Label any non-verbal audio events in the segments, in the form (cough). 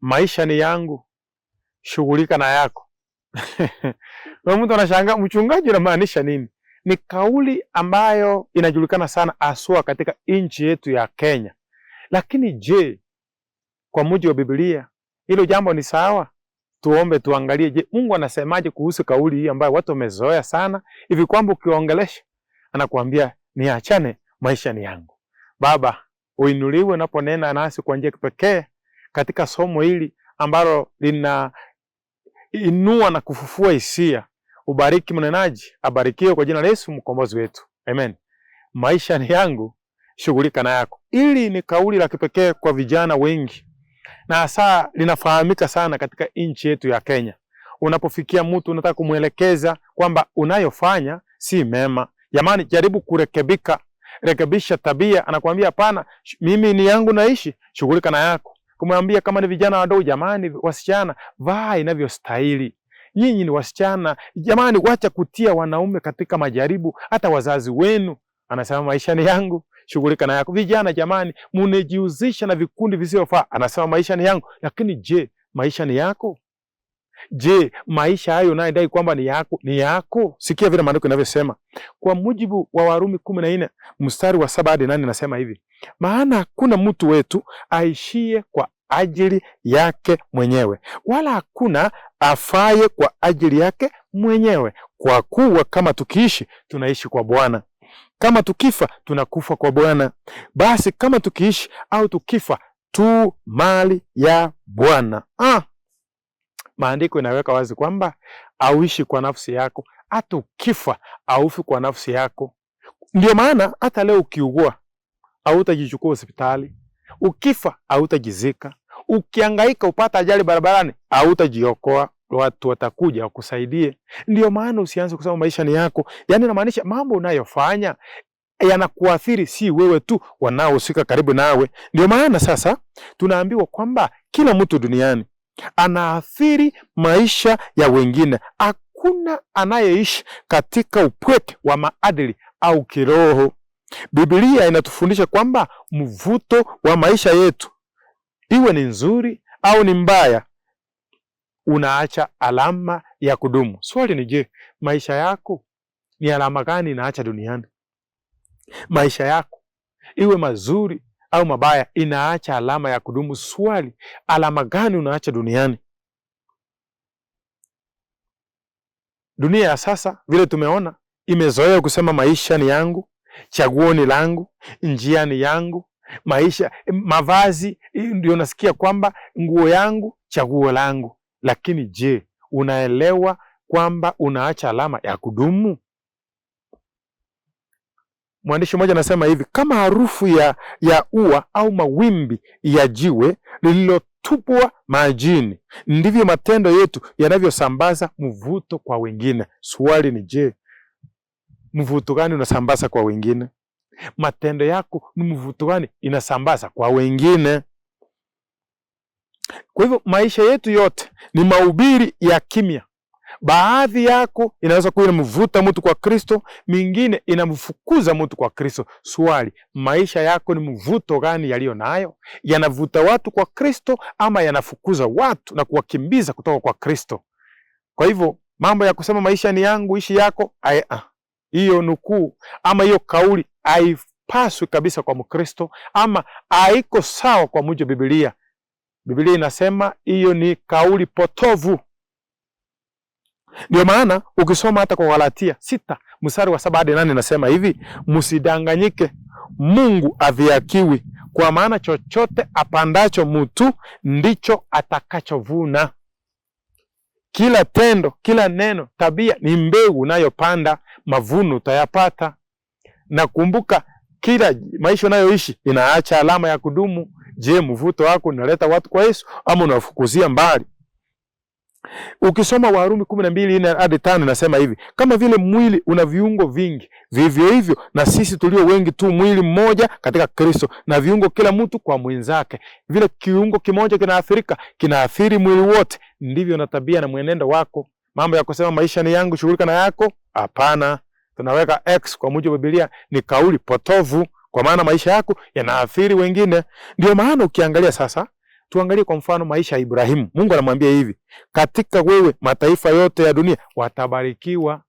maisha ni yangu, shughulika na yako. Kwa (laughs) Mtu anashangaa mchungaji unamaanisha nini? Ni kauli ambayo inajulikana sana aswa katika nchi yetu ya Kenya. Lakini je, kwa mujibu wa Biblia hilo jambo ni sawa? Tuombe tuangalie, je, Mungu anasemaje kuhusu kauli hii ambayo watu wamezoea sana hivi kwamba ukiongelesha anakuambia niachane, maisha ni yangu. Baba, uinuliwe unaponena nasi kwa njia kipekee katika somo hili ambalo linainua na kufufua hisia. Ubariki mnenaji, abarikiwe kwa jina la Yesu mkombozi wetu, amen. Maisha ni yangu, shughulika na yako. Ili ni kauli la kipekee kwa vijana wengi, na hasa linafahamika sana katika nchi yetu ya Kenya. Unapofikia mtu unataka kumwelekeza kwamba unayofanya si mema, jamani, jaribu kurekebika, rekebisha tabia, anakuambia hapana, mimi ni yangu naishi, shughulika na yako kumwambia kama ni vijana wadogo, jamani, wasichana vaa inavyostahili. Nyinyi ni wasichana jamani, wacha kutia wanaume katika majaribu, hata wazazi wenu. Anasema maisha ni yangu, shughulika na yako. Vijana jamani, munejihusisha na vikundi visivyofaa. Anasema maisha ni yangu, lakini je, maisha ni yako? Je, maisha hayo unayodai kwamba ni yako ni yako? Sikia vile maandiko inavyosema kwa mujibu wa Warumi kumi na nne mstari wa saba hadi nane nasema hivi, maana hakuna mtu wetu aishie kwa ajili yake mwenyewe, wala hakuna afaye kwa ajili yake mwenyewe. Kwa kuwa kama tukiishi tunaishi kwa Bwana, kama tukifa tunakufa kwa Bwana. Basi kama tukiishi au tukifa tu mali ya Bwana. Ah, Maandiko inaweka wazi kwamba auishi kwa nafsi yako, hata ukifa aufi kwa nafsi yako. Ndio maana hata leo ukiugua hautajichukua hospitali, ukifa hautajizika, ukiangaika upata ajali barabarani hautajiokoa watu watakuja wakusaidie. Ndio maana usianze kusema maisha ni yako. Yani namaanisha mambo unayofanya yanakuathiri, si wewe tu, wanaohusika karibu nawe. Ndio maana sasa tunaambiwa kwamba kila mtu duniani anaathiri maisha ya wengine. Hakuna anayeishi katika upweke wa maadili au kiroho. Biblia inatufundisha kwamba mvuto wa maisha yetu, iwe ni nzuri au ni mbaya, unaacha alama ya kudumu. Swali ni je, maisha yako ni alama gani inaacha duniani? Maisha yako iwe mazuri au mabaya inaacha alama ya kudumu. Swali, alama gani unaacha duniani? Dunia ya sasa vile tumeona, imezoea kusema maisha ni yangu, chaguo ni langu, njia ni yangu, maisha mavazi ndio nasikia kwamba nguo yangu, chaguo langu. Lakini je, unaelewa kwamba unaacha alama ya kudumu? Mwandishi mmoja anasema hivi, kama harufu ya, ya ua au mawimbi ya jiwe lililotupwa majini, ndivyo matendo yetu yanavyosambaza mvuto kwa wengine. Swali ni je, mvuto gani unasambaza kwa wengine? Matendo yako ni mvuto gani inasambaza kwa wengine? Kwa hivyo maisha yetu yote ni mahubiri ya kimya Baadhi yako inaweza kuwa inamvuta mtu kwa Kristo, mingine inamfukuza mtu kwa Kristo. Swali, maisha yako ni mvuto gani yaliyo nayo? Yanavuta watu kwa Kristo ama yanafukuza watu na kuwakimbiza kutoka kwa Kristo? Kwa hivyo mambo ya kusema maisha ni yangu, ishi yako, ah, hiyo nukuu ama hiyo kauli haipaswi kabisa kwa Mkristo, ama haiko sawa kwa mujibu wa Biblia. Biblia inasema hiyo ni kauli potovu. Ndio maana ukisoma hata kwa Galatia sita mstari wa saba hadi nane nasema hivi, msidanganyike, Mungu aviakiwi kwa maana chochote apandacho mtu ndicho atakachovuna. Kila tendo, kila neno, tabia ni mbegu unayopanda, mavuno utayapata. Na kumbuka, kila maisha unayoishi inaacha alama ya kudumu. Je, mvuto wako unaleta watu kwa Yesu ama unawafukuzia mbali? Ukisoma Warumi kumi na mbili nne hadi tano inasema hivi, kama vile mwili una viungo vingi, vivyo hivyo na sisi tulio wengi tu mwili mmoja katika Kristo, na viungo kila mtu kwa mwenzake. Vile kiungo kimoja kinaathirika, kinaathiri mwili wote. Ndivyo na tabia na mwenendo wako. Mambo ya kusema maisha ni yangu, shughulika na yako, hapana. Tunaweka x kwa mujibu wa Biblia ni kauli potovu, kwa maana maisha yako yanaathiri wengine. Ndio maana ukiangalia sasa Tuangalie kwa mfano maisha ya Ibrahimu. Mungu anamwambia hivi, katika wewe mataifa yote ya dunia watabarikiwa.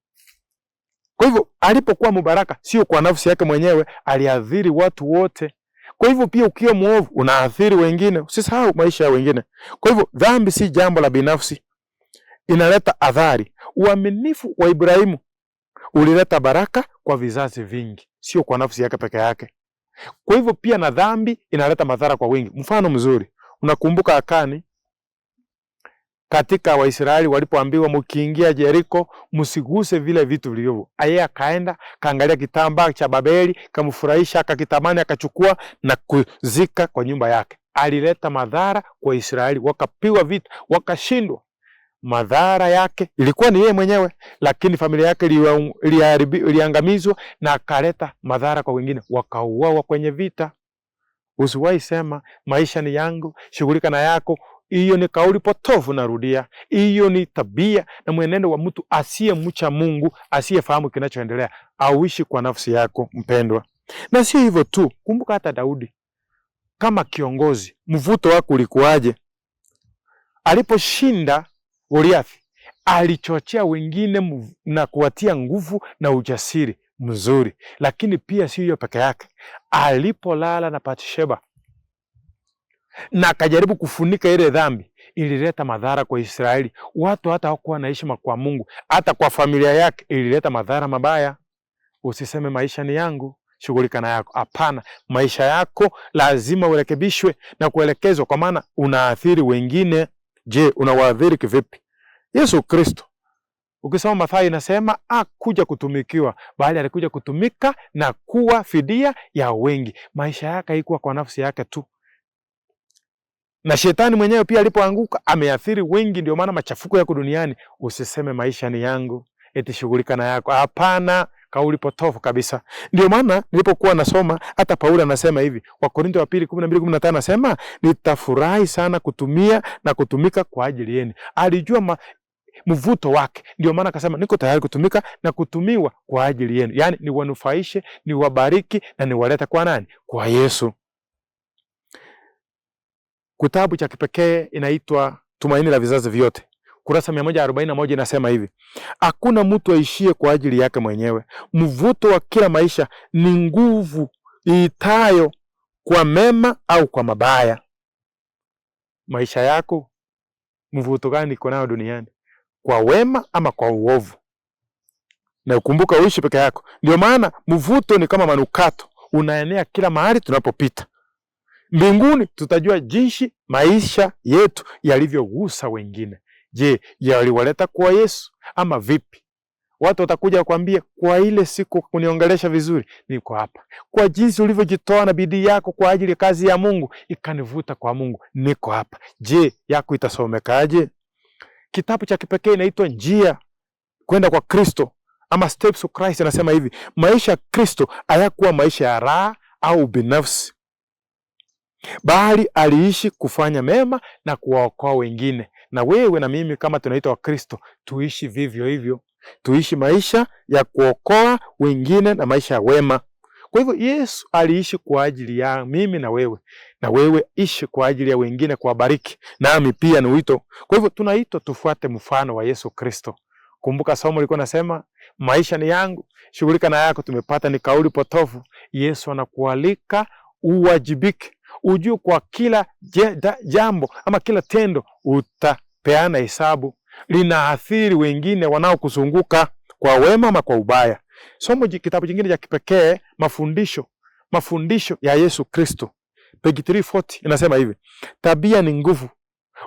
Kwa hivyo alipokuwa mubaraka, sio kwa nafsi yake mwenyewe, aliathiri watu wote. Kwa hivyo pia ukiwa mwovu unaathiri wengine, usisahau maisha ya wengine. Kwa hivyo dhambi si jambo la binafsi, inaleta athari. Uaminifu wa Ibrahimu ulileta baraka kwa vizazi vingi, sio kwa nafsi yake peke yake. Kwa hivyo pia na dhambi inaleta madhara kwa wengi. Mfano mzuri Unakumbuka Akani katika Waisraeli walipoambiwa mkiingia Jeriko msiguse vile vitu vilivyo. Aye akaenda kaangalia kitambaa cha Babeli, kamfurahisha, akakitamani, akachukua na kuzika kwa nyumba yake. Alileta madhara kwa Israeli, wakapiwa vita, wakashindwa. Madhara yake ilikuwa ni yeye mwenyewe, lakini familia yake iliangamizwa, na akaleta madhara kwa wengine, wakauawa kwenye vita. Usiwahi sema maisha ni yangu, shughulika na yako. Hiyo ni kauli potofu, narudia. Hiyo ni tabia na mwenendo wa mtu mcha Mungu, asiyefahamu kinachoendelea. Auishi kwa nafsi yako mpendwa. Na sio hivyo tu, kumbuka hata Daudi kama kiongozi, mvuto wake ulikuwaje? Aliposhinda Goliathi, alichochea wengine na kuwatia nguvu na ujasiri mzuri, lakini pia si hiyo peke yake. Alipolala na Batsheba na akajaribu kufunika ile dhambi, ilileta madhara kwa Israeli. Watu hata hawakuwa na heshima kwa Mungu, hata kwa familia yake ilileta madhara mabaya. Usiseme maisha ni yangu, shughulika na yako. Hapana, maisha yako lazima urekebishwe na kuelekezwa, kwa maana unaathiri wengine. Je, unawaathiri kivipi? Yesu Kristo Ukisoma Mathayo inasema akuja kutumikiwa, bali alikuja kutumika na kuwa fidia ya wengi. Maisha yake haikuwa kwa nafsi yake tu, na shetani mwenyewe pia alipoanguka ameathiri wengi. Ndio maana machafuko yako duniani, usiseme maisha ni yangu, eti shughulika na yako. Hapana, kauli potofu kabisa. Ndio maana nilipokuwa nasoma hata Paulo anasema hivi, Korinto wa pili kumi na mbili kumi na tano anasema nitafurahi sana kutumia na kutumika kwa ajili yenu. Alijua ma, mvuto wake. Ndio maana akasema niko tayari kutumika na kutumiwa kwa ajili yenu, yaani niwanufaishe, niwabariki na niwaleta kwa nani? Kwa Yesu. Kitabu cha kipekee inaitwa Tumaini la Vizazi Vyote, kurasa mia inasema hivi: hakuna mtu aishie kwa ajili yake mwenyewe. Mvuto wa kila maisha ni nguvu iitayo kwa mema au kwa mabaya. Maisha yako mvuto gani iko nayo duniani? kwa wema ama kwa uovu, na ukumbuka uishi peke yako. Ndio maana mvuto ni kama manukato, unaenea kila mahali tunapopita. Mbinguni tutajua jinsi maisha yetu yalivyogusa wengine. Je, yaliwaleta kwa Yesu ama vipi? Watu watakuja wakwambie, kwa ile siku kuniongelesha vizuri, niko hapa. Kwa jinsi ulivyojitoa na bidii yako kwa ajili ya kazi ya Mungu, ikanivuta kwa Mungu, niko hapa. Je, yako itasomekaje? Kitabu cha kipekee inaitwa Njia Kwenda kwa Kristo ama Steps of Christ. Anasema hivi, maisha ya Kristo hayakuwa maisha ya raha au binafsi, bali aliishi kufanya mema na kuwaokoa wengine. Na wewe na mimi kama tunaitwa Wakristo, tuishi vivyo hivyo, tuishi maisha ya kuokoa wengine na maisha ya wema. Kwa hivyo Yesu aliishi kwa ajili ya mimi na wewe, na wewe ishi kwa ajili ya wengine, kuwabariki nami pia ni wito. Kwa hivyo tunaitwa tufuate mfano wa Yesu Kristo. Kumbuka somo liko nasema maisha ni yangu, shughulika na yako. Tumepata ni kauli potofu. Yesu anakualika uwajibike, ujue kwa kila jambo ama kila tendo utapeana hesabu, linaathiri wengine wanaokuzunguka kwa wema ama kwa ubaya. Somo kitabu kingine cha kipekee mafundisho, mafundisho ya Yesu Kristo, page 340 inasema hivi: tabia ni nguvu,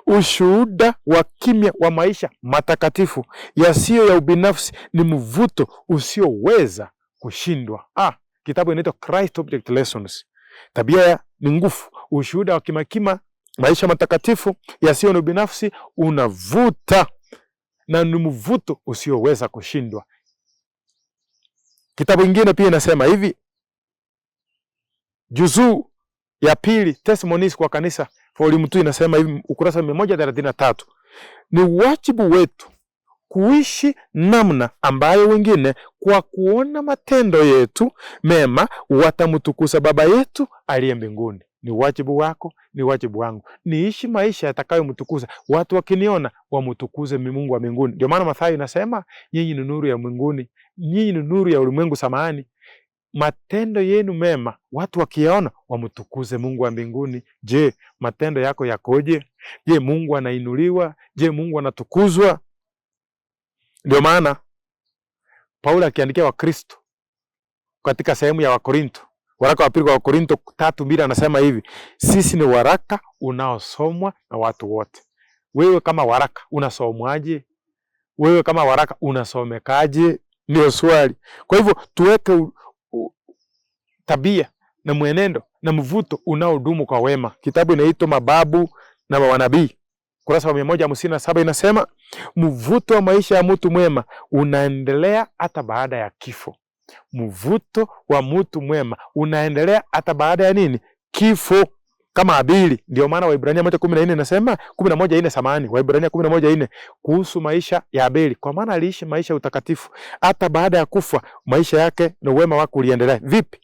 ushuhuda wa kimya wa maisha matakatifu yasiyo ya ubinafsi ni mvuto usioweza kushindwa. Ah, kitabu inaitwa Christ Object Lessons. Tabia ni nguvu, ushuhuda wa kimakima maisha matakatifu yasiyo na ubinafsi unavuta na ni mvuto usioweza kushindwa. Kitabu ingine pia inasema hivi, juzuu ya pili Testimonies kwa Kanisa volume 2 inasema hivi, ukurasa mia moja thelathini na tatu ni wajibu wetu kuishi namna ambayo wengine kwa kuona matendo yetu mema watamtukuza Baba yetu aliye mbinguni ni wajibu wako, ni wajibu wangu, niishi maisha yatakayomtukuza watu, wakiniona wamtukuze Mungu wa mbinguni. Ndio maana Mathayo inasema nyinyi ni nuru ya mbinguni, nyinyi ni nuru ya ulimwengu. Samahani, matendo yenu mema watu wakiona wamtukuze Mungu wa mbinguni. Je, matendo yako yakoje? Je, Mungu anainuliwa? Je, Mungu anatukuzwa? Ndio maana Paulo akiandikia Wakristo katika sehemu ya Wakorinto Waraka wa pili kwa Korinto tatu mbili anasema hivi, sisi ni waraka unaosomwa na watu wote. Wewe kama waraka unasomwaje? Wewe kama waraka unasomekaje? Ndio swali. Kwa hivyo tuweke u, u, tabia na mwenendo na mvuto unaodumu kwa wema. Kitabu inaitwa Mababu na Wanabii, kurasa wa mia moja hamsini na saba inasema mvuto wa maisha ya mtu mwema unaendelea hata baada ya kifo mvuto wa mtu mwema unaendelea hata baada ya nini? Kifo kama Abili. Ndio maana Waibrania moja kumi na nne inasema kumi na moja nne samani, Waibrania kumi na moja nne kuhusu maisha ya Abili, kwa maana aliishi maisha ya utakatifu hata baada ya kufa, maisha yake na uwema wake uliendelea. Vipi?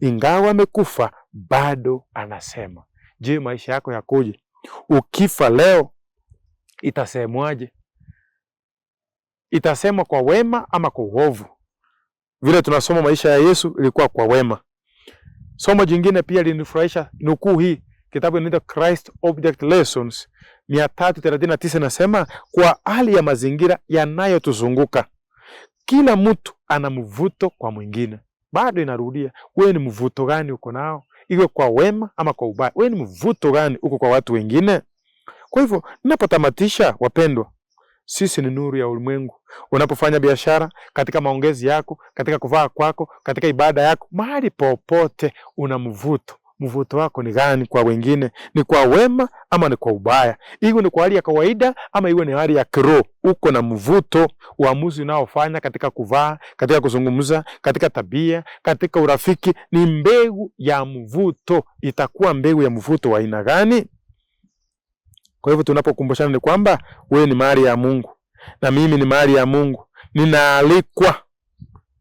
Ingawa amekufa bado anasema. Je, maisha yako yakoje? Ukifa leo itasemwaje? Itasemwa kwa wema ama kwa uovu? Vile tunasoma maisha ya Yesu ilikuwa kwa wema. Somo jingine pia linifurahisha, nukuu hii kitabu inaitwa Christ Object Lessons 339 nasema, kwa hali ya mazingira yanayotuzunguka kila mtu ana mvuto kwa mwingine. Bado inarudia, wewe ni mvuto gani uko nao, iwe kwa wema ama kwa ubaya? Wewe ni mvuto gani uko kwa watu wengine? Kwa hivyo ninapotamatisha, wapendwa, sisi ni nuru ya ulimwengu. Unapofanya biashara, katika maongezi yako, katika kuvaa kwako, katika ibada yako, mahali popote una mvuto. Mvuto wako ni gani kwa wengine? Ni kwa wema ama ni kwa ubaya? Iwe ni kwa hali ya kawaida ama iwe ni hali ya kiroho, uko na mvuto. Uamuzi unaofanya katika kuvaa, katika kuzungumza, katika tabia, katika urafiki, ni mbegu ya mvuto. Itakuwa mbegu ya mvuto wa aina gani? Kwa hivyo tunapokumbushana ni kwamba wewe ni mali ya Mungu na mimi ni mali ya Mungu, ninaalikwa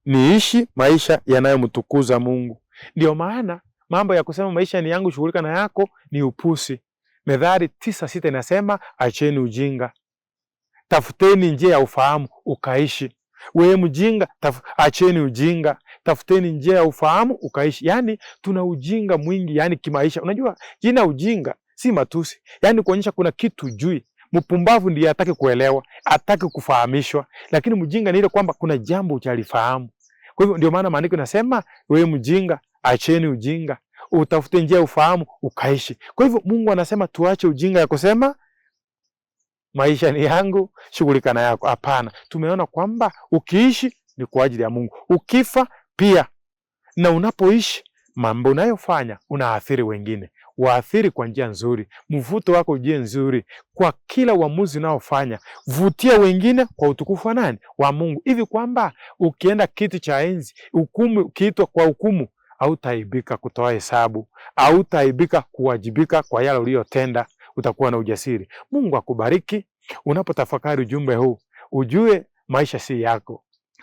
niishi maisha yanayomtukuza Mungu. Ndio maana mambo ya kusema maisha ni yangu, shughulika na yako ni upusi. Methali tisa sita inasema acheni ujinga, tafuteni njia ya ufahamu ukaishi. Wewe mjinga, taf... acheni ujinga, tafuteni njia ya ufahamu ukaishi. Yani tuna ujinga mwingi, yani kimaisha. Unajua jina ujinga si matusi, yaani kuonyesha kuna kitu jui. Mpumbavu ndiye ataki kuelewa, ataki kufahamishwa, lakini mjinga ni ile kwamba kuna jambo hujalifahamu. Kwa hivyo ndio maana maandiko inasema wewe mjinga, acheni ujinga, utafute njia ya ufahamu ukaishi. Kwa hivyo Mungu anasema tuache ujinga ya kusema maisha ni yangu, shughulika na yako. Hapana, tumeona kwamba ukiishi ni kwa ajili ya Mungu, ukifa pia, na unapoishi mambo unayofanya unaathiri wengine waathiri kwa njia nzuri. Mvuto wako ujie nzuri kwa kila uamuzi unaofanya, vutia wengine kwa utukufu wa nani? Wa Mungu, hivi kwamba ukienda kiti cha enzi, hukumu ukiitwa kwa hukumu, hautaibika kutoa hesabu, hautaibika kuwajibika kwa yale uliyotenda, utakuwa na ujasiri. Mungu akubariki unapotafakari ujumbe huu, ujue maisha si yako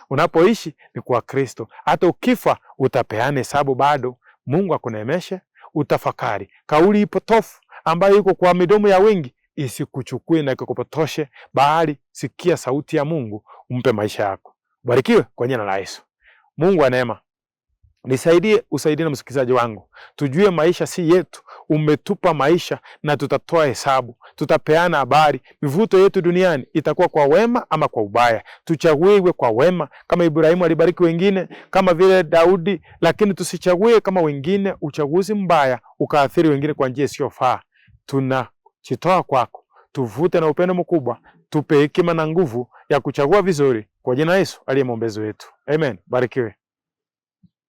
unapoishi ni kwa Kristo. Hata ukifa utapeana hesabu bado. Mungu akuneemeshe, utafakari. Kauli ipotofu ambayo iko kwa midomo ya wengi isikuchukue na kukupotoshe, bali sikia sauti ya Mungu, umpe maisha yako. barikiwe kwa jina la Yesu. Mungu anaema nisaidie, usaidie na msikilizaji wangu, tujue maisha si yetu, umetupa maisha na tutatoa hesabu, tutapeana habari. Mivuto yetu duniani itakuwa kwa wema ama kwa ubaya. Tuchaguiwe kwa wema, kama Ibrahimu alibariki wengine, kama vile Daudi, lakini tusichague kama wengine, uchaguzi mbaya ukaathiri wengine kwa njia isiyofaa. Tunachitoa kwako, tuvute na upendo mkubwa, tupe hekima na nguvu ya kuchagua vizuri, kwa jina Yesu aliye mwombezi wetu, amen. Barikiwe.